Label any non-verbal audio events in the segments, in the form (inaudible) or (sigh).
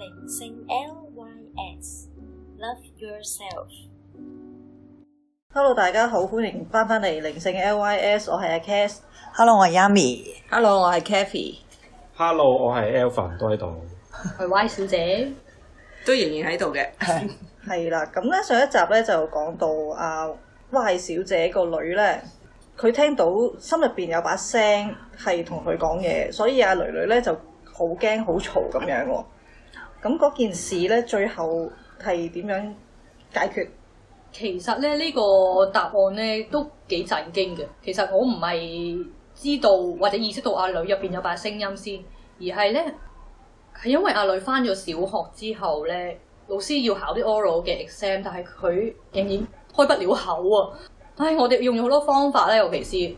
靈性 L Y S，Love Yourself。Hello，大家好，歡迎翻翻嚟靈性 L Y S，我係阿 Kess。Hello，我係 Yami。Hello，我係 Kathy。Hello，我係 Alvin，都喺度。係 Y 小姐， (laughs) 都仍然喺度嘅。係 (laughs) 啦，咁咧上一集咧就講到啊 Y 小姐個女咧，佢聽到心入邊有把聲係同佢講嘢，所以阿女女咧就好驚好嘈咁樣喎。咁嗰件事咧，最後係點樣解決？其實咧，呢個答案咧都幾震驚嘅。其實我唔係知道或者意識到阿女入邊有把聲音先，而係咧係因為阿女返咗小學之後咧，老師要考啲 oral 嘅 exam，但係佢仍然開不了口啊！唉、哎，我哋用咗好多方法咧，尤其是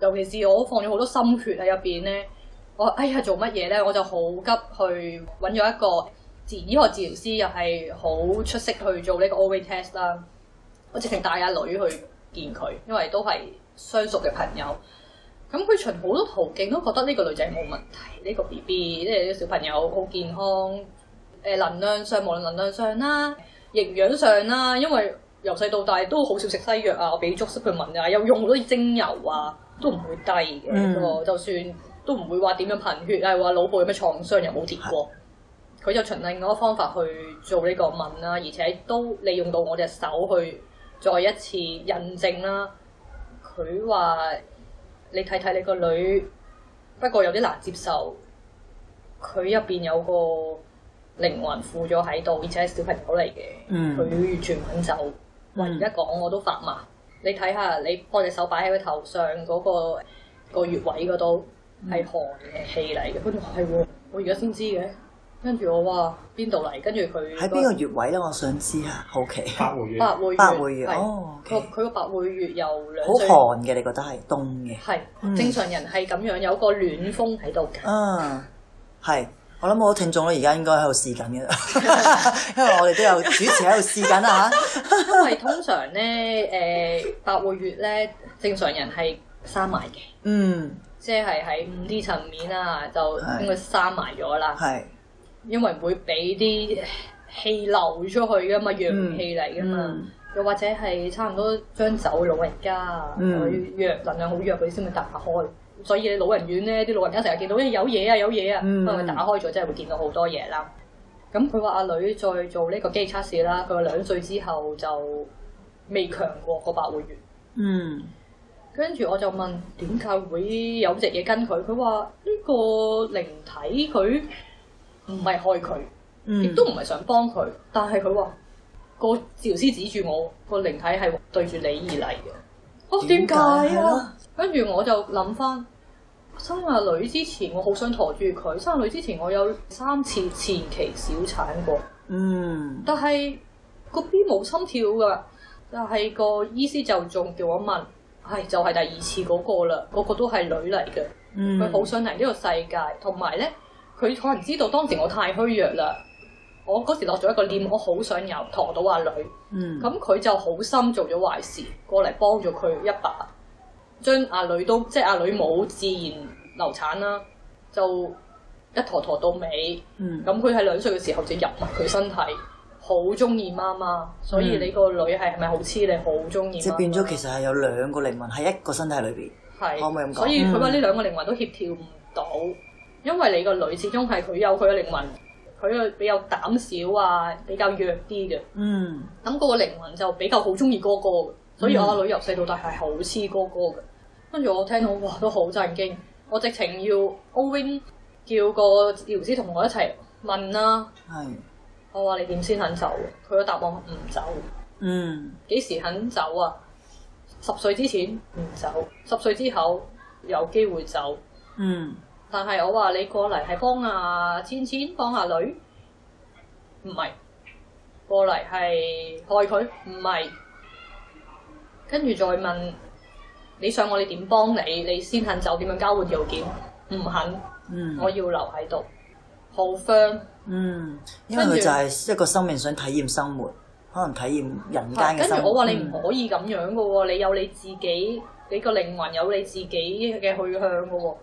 尤其是我放咗好多心血喺入邊咧，我哎呀做乜嘢咧？我就好急去揾咗一個，治醫學治療師又係好出色去做呢個 O-ring test 啦，我直情帶阿女去見佢，因為都係相熟嘅朋友。咁佢循好多途徑都覺得呢個女仔冇問題，呢、呢個 B B 即係呢小朋友好健康。誒、呃、能量上，無論能量上啦，營養上啦，因為由細到大都好少食西藥啊，我俾足濕去問啊，又用好多精油啊，都唔會低嘅。嗯、哦，就算都唔會話點樣貧血啊，話腦部有咩創傷又冇跌過。佢就循另外個方法去做呢個問啦，而且都利用到我隻手去再一次印證啦。佢話：你睇睇你個女，不過有啲難接受。佢入邊有個靈魂附咗喺度，而且係小朋友嚟嘅。佢、嗯、完全唔肯走。哇！而家講我都發麻。嗯、你睇下你我隻手擺喺佢頭上嗰、嗰個、嗰個穴位嗰度係寒嘅氣嚟嘅。佢話係喎，我而家先知嘅。跟住我話邊度嚟？跟住佢喺邊個穴位咧？我想知啊，好奇。百會穴。百會穴。百會穴哦。佢佢個百會穴又兩。好寒嘅，你覺得係凍嘅。係正常人係咁樣有個暖風喺度嘅。嗯，係。我諗好多聽眾咧，而家應該喺度試緊嘅啦，因為我哋都有主持喺度試緊啦嚇。因為通常咧，誒百會穴咧，正常人係閂埋嘅。嗯。即係喺五 D 層面啊，就應該閂埋咗啦。係。因為會俾啲氣流出去噶嘛，陽氣嚟噶嘛，嗯、又或者係差唔多將走嘅老人家，弱、嗯、能量好弱佢先會打開。所以老人院咧，啲老人家成日見到，哎、有嘢啊，有嘢啊，咁咪、嗯、打開咗，真係會見到好多嘢啦。咁佢話阿女在做呢個機器測試啦，佢話兩歲之後就未強過個百會穴。嗯，跟住我就問點解會有隻嘢跟佢。佢話呢個靈體佢唔係害佢，亦都唔係想幫佢，但係佢話個治療師指住我、個靈體係對住你而嚟嘅，哦、啊，點解啊？跟住我就諗翻生阿女之前我，我好想陀住佢。生阿女之前，我有三次前期小產過，嗯，但係個 B 冇心跳噶，但係個醫師就仲叫我問，係就係、係、第二次嗰個啦，個、嗰個都係女嚟嘅，佢好、嗯、想嚟呢個世界，同埋咧。佢可能知道當時我太虛弱啦，我嗰時落咗一個念，我好想又陀到阿女，咁佢、嗯、就好心做咗壞事，過嚟幫咗佢一把，將阿女都即係阿女冇自然流產啦，就一陀陀到尾，咁佢喺兩歲嘅時候就入埋佢身體，好中意媽媽，所以你個女係咪好黐？你好中意即係變咗，其實係有兩個靈魂喺一個身體裏邊，可唔可以咁講，所以佢話呢兩個靈魂都協調唔到。因為你個女始終係佢有佢嘅靈魂，佢又比較膽小啊，比較弱啲嘅。嗯。咁嗰個靈魂就比較好中意哥哥，所以阿女由細到大係好似哥哥嘅。跟住我聽到哇都好震驚，我直情要 O-ring 叫個治療師同我、啊、是我一齊問啦。係。我話你點先肯走？佢個答案唔走。嗯。幾時肯走啊？十歲之前唔走，十歲之後有機會走。嗯。但係我話你過嚟係幫阿、啊、千千幫阿、啊、女，唔係過嚟係害佢，唔係跟住再問你想我哋點幫你？你先肯就點樣交換條件？唔、嗯、肯，我要留喺度，好 friend。嗯，因為佢就係一個生命想體驗生活，可能體驗人間嘅生活、嗯、跟住我話你唔可以咁樣噶喎，嗯、你有你自己，你個靈魂有你自己嘅去向噶喎。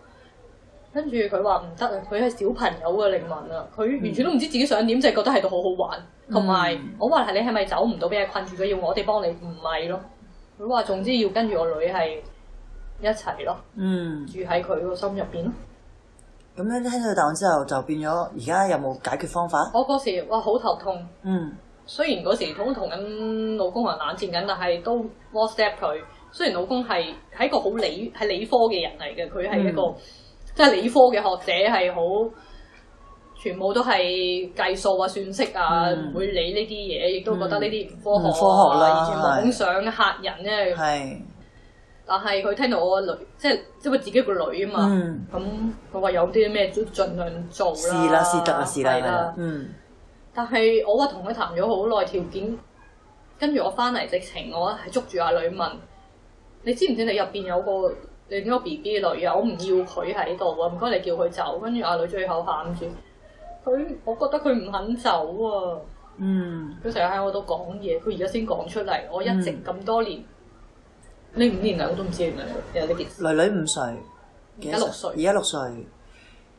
跟住佢話唔得啊！佢係小朋友嘅靈魂啊！佢完全都唔知自己想點，就係、嗯、覺得喺度好好玩。同埋我話係你係咪走唔到俾人困住咗？要我哋幫你？唔係咯。佢話總之要跟住我女係一齊咯。嗯，住喺佢個心入邊。咁樣聽到答案之後，就變咗而家有冇解決方法？我嗰時話好頭痛。嗯。雖然嗰時同同緊老公話冷戰緊，但係都 WhatsApp 佢。雖然老公係係一個好理係理科嘅人嚟嘅，佢係一個。嗯即係理科嘅學者係好，全部都係計數啊、算式啊，唔、嗯、會理呢啲嘢，亦都覺得呢啲唔科學啦，而且網上嚇人咧、啊。係。但係佢聽到我個女，即係即係佢自己個女啊嘛。咁佢話有啲咩都盡量做啦。係啦，係得啊，啦。但係我話同佢談咗好耐條件，跟住我翻嚟直情，我係捉住阿女問：你知唔知你入邊有個？你啲個 B B 女啊，我唔要佢喺度啊！唔該你叫佢走。跟住阿女最後喊住佢，我覺得佢唔肯走啊。嗯，佢成日喺我度講嘢，佢而家先講出嚟。我一直咁多年呢、嗯、五年嚟我都唔知原來有呢件事。女女五歲、幾歲？而家六歲，而家六歲。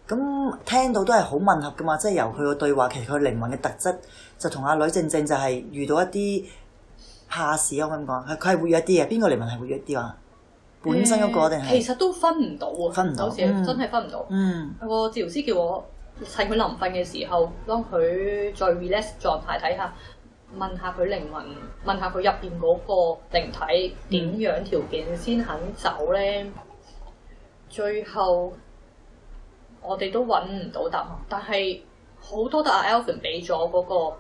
咁聽到都係好吻合噶嘛，即係由佢個對話，其實佢靈魂嘅特質就同阿女正正就係遇到一啲吓事啊咁講，佢係活躍啲嘅，邊個靈魂係活躍啲啊？本身嗰個定係其實都分唔到啊！分唔到，真係分唔到。嗯，個治療師叫我係佢臨瞓嘅時候，當佢再 relax 狀態睇下，問下佢靈魂，問下佢入邊嗰個靈體點樣條件先肯走咧。嗯、最後我哋都揾唔到答案，但係好多但阿 Alvin 俾咗嗰個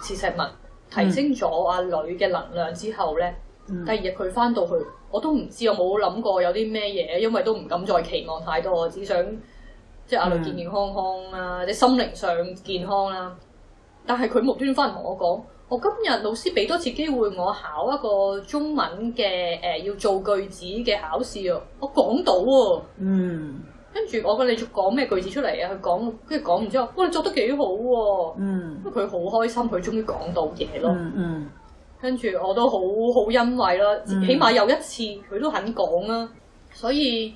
次石墨，提升咗阿女嘅能量之後咧。嗯嗯。第二日佢翻到去，我都唔知我有冇諗過有啲咩嘢，因為都唔敢再期望太多，我只想即係阿女健健康康啦，即、嗯、或者心靈上健康啦。嗯、但係佢無端翻嚟同我講，我今日老師俾多次機會我考一個中文嘅誒、呃、要做句子嘅考試啊，我講到啊，嗯，跟住我問你做講咩句子出嚟啊？佢講，跟住講完之後，哇，你做得幾好喎，嗯，因為佢好開心，佢終於講到嘢咯，嗯。跟住我都好好欣慰啦，嗯、起碼有一次佢都肯講啦，所以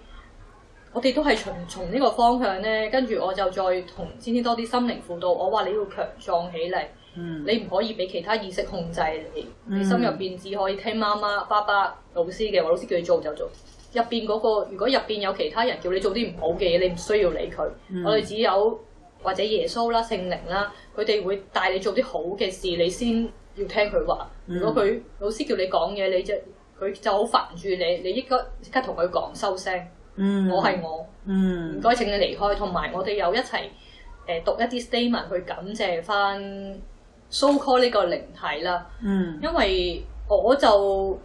我哋都係從從呢個方向咧。跟住我就再同先先多啲心靈輔導，我話你要強壯起嚟，嗯、你唔可以俾其他意識控制你。嗯、你心入邊只可以聽媽媽、爸爸、老師嘅，話老師叫你做就做。入邊嗰個，如果入邊有其他人叫你做啲唔好嘅嘢，你唔需要理佢。嗯、我哋只有或者耶穌啦、聖靈啦，佢哋會帶你做啲好嘅事，你先。要聽佢話，如果佢老師叫你講嘢，你就佢就好煩住你，你應該即刻同佢講收聲。嗯，我係我，唔該請你離開。同埋我哋又一齊誒、呃、讀一啲 statement 去感謝翻 so call 呢個靈體啦。嗯，因為我就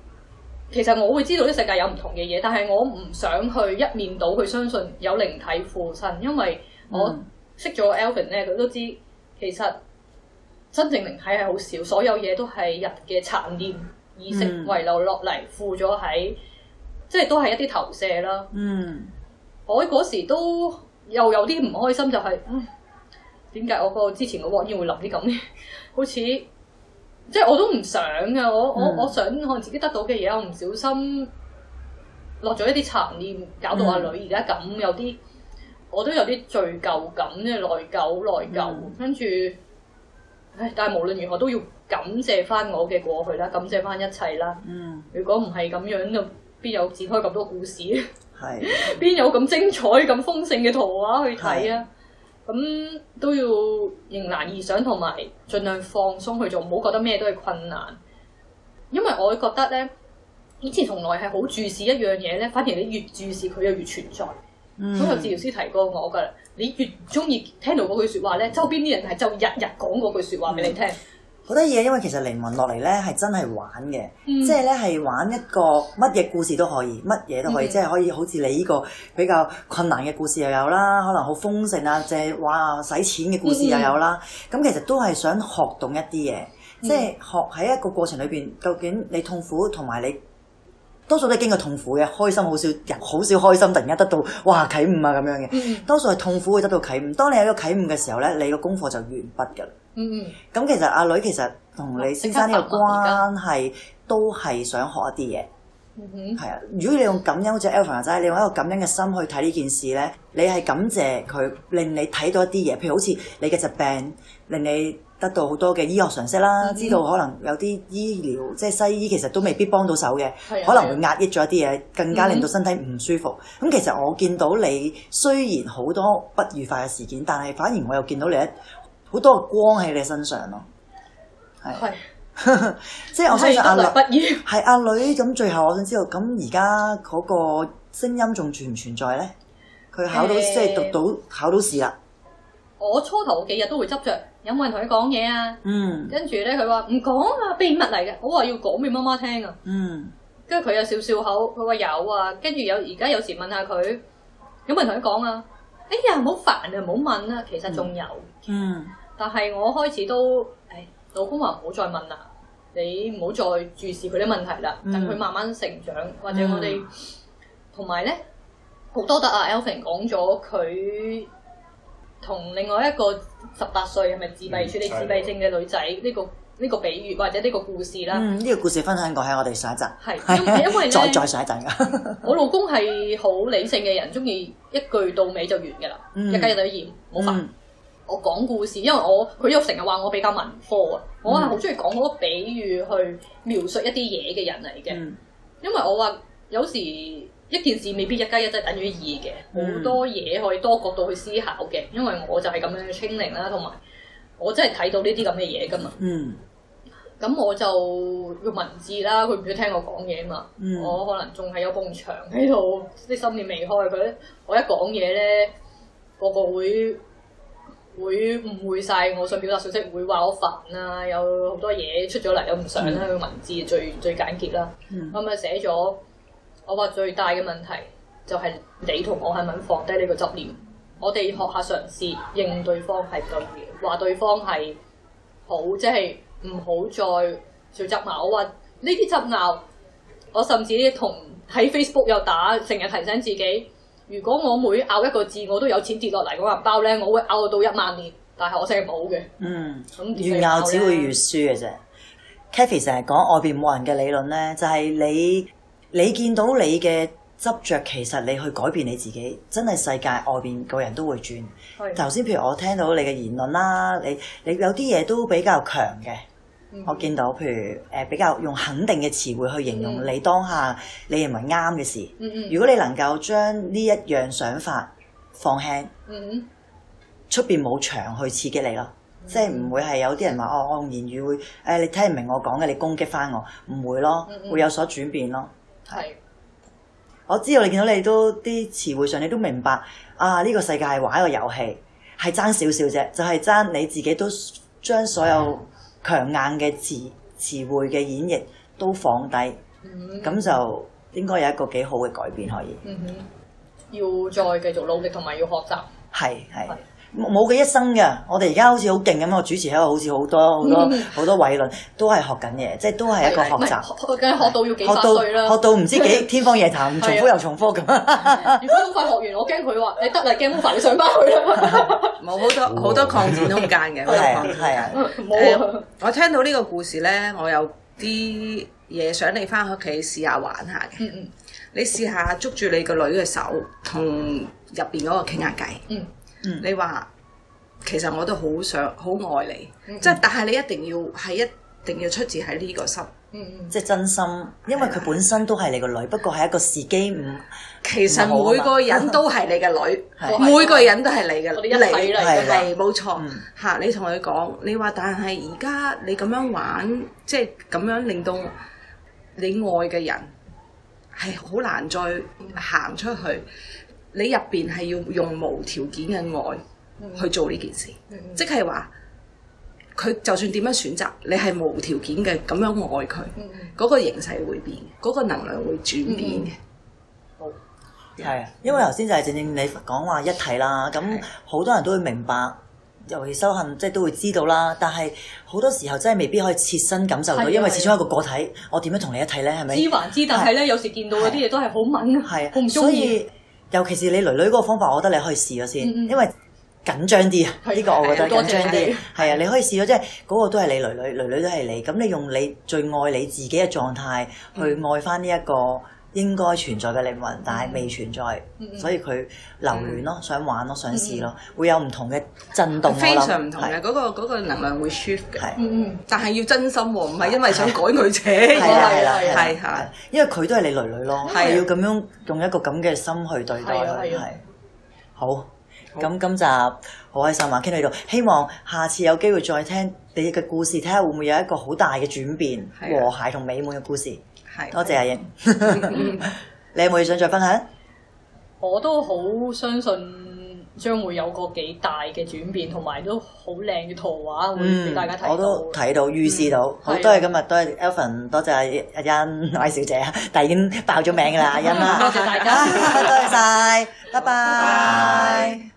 其實我會知道啲世界有唔同嘅嘢，但係我唔想去一面到一面倒佢相信有靈體附身，因為我識咗 Alvin 咧，佢都知其實。真正靈體係好少，所有嘢都係人嘅殘念意識遺留落嚟，附咗喺，即係都係一啲投射啦。嗯、我嗰時都又有啲唔開心、就是，就係點解我個之前個鑊煙會淋啲咁咧？ (laughs) 好似即係我都唔想嘅，我、嗯、我我想可能自己得到嘅嘢，我唔小心落咗一啲殘念，搞到阿女而家咁，有啲我都有啲罪疚感，即係內疚、內疚，跟住、嗯。但係無論如何都要感謝翻我嘅過去啦，感謝翻一切啦。嗯，如果唔係咁樣，就邊有展開咁多故事？係邊是 (laughs) 有咁精彩、咁豐盛嘅圖畫去睇啊？咁是都要迎難而上，同埋盡量放鬆去做，唔好覺得咩都係困難。因為我覺得咧，以前從來係好注視一樣嘢咧，反而你越注視佢，又越存在。咁、嗯、有治療師提過我噶你越唔中意聽到嗰句説話呢，周邊啲人係就日日講嗰句説話俾、嗯、你聽。好多嘢，因為其實靈魂落嚟呢係真係玩嘅，即係呢係玩一個乜嘢故事都可以，乜嘢都可以，即係、嗯、可以好似你呢個比較困難嘅故事又有啦，可能好豐盛啊、即係話啊、使錢嘅故事又有啦。咁、嗯嗯、其實都係想學懂一啲嘢，即係、嗯、學喺一個過程裏邊，究竟你痛苦同埋你。多數都係經過痛苦嘅，開心好少人，好少開心突然間得到，哇，啟悟啊咁樣嘅。Mm hmm. 多數係痛苦會得到啟悟。當你有一個啟悟嘅時候咧，你個功課就完畢噶啦。咁、mm hmm. 其實阿女其實同你先生呢個關係都係想學一啲嘢。係、mm hmm. 啊，如果你用感恩好似 Elva 仔，你用一個感恩嘅心去睇呢件事咧，你係感謝佢令你睇到一啲嘢，譬如好似你嘅疾病令你。得到好多嘅醫學常識啦，嗯嗯，知道可能有啲醫療即係、就是、西醫，其實都未必幫到手嘅，的可能會壓抑咗一啲嘢，更加令到身體唔舒服。咁、嗯嗯、其實我見到你雖然好多不愉快嘅事件，但係反而我又見到你好多光喺你身上咯。係，是 (laughs) 即係我相信阿女係阿女咁，最後我想知道，咁而家嗰個聲音仲存唔存在呢？佢考到、欸、即係讀到考到試啦。我初頭嗰幾日都會執着。有冇人同佢講嘢啊？嗯，跟住咧，佢話唔講啊，秘密嚟嘅，我話要講俾媽媽聽啊。嗯，跟住佢又笑笑口，佢話有啊。跟住有而家有時問下佢，有冇人同佢講啊？哎呀，好煩啊，唔好問啊。其實仲有嗯，嗯，但係我開始都，唉，老公話唔好再問啦，你唔好再注視佢啲問題啦，等佢、嗯、慢慢成長，或者我哋同埋咧，好、嗯、多得啊，Alvin 講咗佢。同另外一個十八歲係咪自閉處理自閉症嘅女仔呢、嗯這個呢、這個比喻或者呢個故事啦？嗯，呢、這個故事分享過喺我哋上一集。係是， (laughs) 因為 (laughs) 再再上一集噶 (laughs) 。我老公係好理性嘅人，中意一句到尾就完嘅啦，嗯、一家一加等鹽冇煩。嗯、我講故事，因為我佢又成日話我比較文科啊，我係好中意講好多比喻去描述一啲嘢嘅人嚟嘅，嗯、因為我話有時。一件事未必一加一即係等於二嘅，好多嘢可以多角度去思考嘅。因為我就係咁樣去清零啦，同埋我真係睇到呢啲咁嘅嘢噶嘛。嗯，咁我就用文字啦，佢唔想聽我講嘢啊嘛。嗯、我可能仲係有埲牆喺度，即係心念未開佢。我一講嘢咧，個個會會誤會晒。我想表達信息會話我好煩啊，有好多嘢出咗嚟，又唔想啦。用文字最最簡潔啦，我咪、嗯、寫咗。我話最大嘅問題就係你同我係咪放低呢個執念？我哋學下嘗試認對方係對嘅，話對方係好，即係唔好再嘈執拗。我話呢啲執拗，我甚至同喺 Facebook 又打，成日提醒自己：如果我每拗一個字，我都有錢跌落嚟個銀包咧，我會拗到一萬年，但係我成日冇嘅。嗯，咁越拗只會越輸嘅啫。Kathy 成日講外邊冇人嘅理論咧，就係你。你見到你嘅執着，其實你去改變你自己，真係世界外邊個人都會轉。頭先的譬如我聽到你嘅言論啦，你你有啲嘢都比較強嘅，嗯、我見到譬如誒、呃、比較用肯定嘅詞彙去形容你當下你認為啱嘅事。嗯嗯，如果你能夠將呢一樣想法放輕，出邊冇牆去刺激你咯，即係唔會係有啲人話哦，我用言語會誒、哎、你聽唔明我講嘅，你攻擊翻我，唔會咯，會有所轉變咯。係，是我知道你見到你都啲詞彙上，你都明白啊！呢、這個世界係玩一個遊戲，係爭少少啫，就係、是、爭你自己都將所有強硬嘅詞詞彙嘅演繹都放低，咁是的 就應該有一個幾好嘅改變可以。要再繼續努力同埋要學習。係係。冇佢一生嘅，我哋而家好似好勁咁，我主持喺度好似好多好多好、嗯、多偉論，都係學緊嘢，即係都係一個學習。唔係，學，學到要幾歲啦？學到唔知幾天方夜譚， (laughs) 重複又重複咁的。 (laughs) 如果好快學完，我驚佢話你得啦，驚好快上翻去啦。冇 (laughs) 好多好、哦、多擴展空間嘅，好多擴展空間、 (laughs) (laughs) 哎。我聽到呢個故事咧，我有啲嘢想你翻屋企試下玩下嘅。嗯嗯，你試下捉住你個女嘅手，同入邊嗰個傾下偈。嗯嗯，你話其實我都好想好愛你，即係但係你一定要係一定要出自喺呢個心，即係真心。因為佢本身都係你個女，不過係一個時機唔。其實每個人都係你嘅女，每個人都係你嘅女一嚟，係冇錯。嚇，你同佢講，你話但係而家你咁樣玩，即係咁樣令到你愛嘅人係好難再行出去。你入邊係要用無條件嘅愛去做呢件事，即係話佢就算點樣選擇，你係無條件嘅咁樣愛佢，嗰、嗯嗯嗯嗯、個形勢會變，嗰、那個能量會轉變嘅。好、嗯嗯嗯對，係啊，因為頭先就係正正你講話一體啦，咁好多人都會明白，尤其修行即係都會知道啦。但係好多時候真係未必可以切身感受到，因為始終一個個體，我點樣同你一體咧？係咪？知還知，但係咧有時見到嗰啲嘢都係好敏係，我唔中尤其是你女女嗰個方法，我覺得你可以試咗先，嗯嗯因為緊張啲啊！呢個我覺得緊張啲，係啊，你可以試咗，即係嗰個都係你女女，囡囡都係你，咁你用你最愛你自己嘅狀態去愛翻呢一個。嗯嗯應該存在嘅靈魂，但係未存在，所以佢留連咯，想玩咯，想試咯，會有唔同嘅震動咯，非常唔同嘅嗰個嗰個能量會 shift 嘅，但係要真心喎，唔係因為想改佢啫，係啦係啦，係係，因為佢都係你囡囡咯，係要咁樣用一個咁嘅心去對待佢，係好。咁今集好開心啊，傾到呢度，希望下次有機會再聽你嘅故事，睇下會唔會有一個好大嘅轉變，和諧同美滿嘅故事。係，多謝阿欣，你有冇想再分享？我都好相信將會有個幾大嘅轉變，同埋都好靚嘅圖畫會俾大家睇到。我都睇到預視到，好，多謝今日，多謝 Alvin，多謝阿阿欣，Y 小姐，但已經爆咗名噶啦， (laughs) 阿欣啊， (laughs) (laughs) (laughs) 多謝大家， (laughs) (laughs) 多謝晒，拜拜。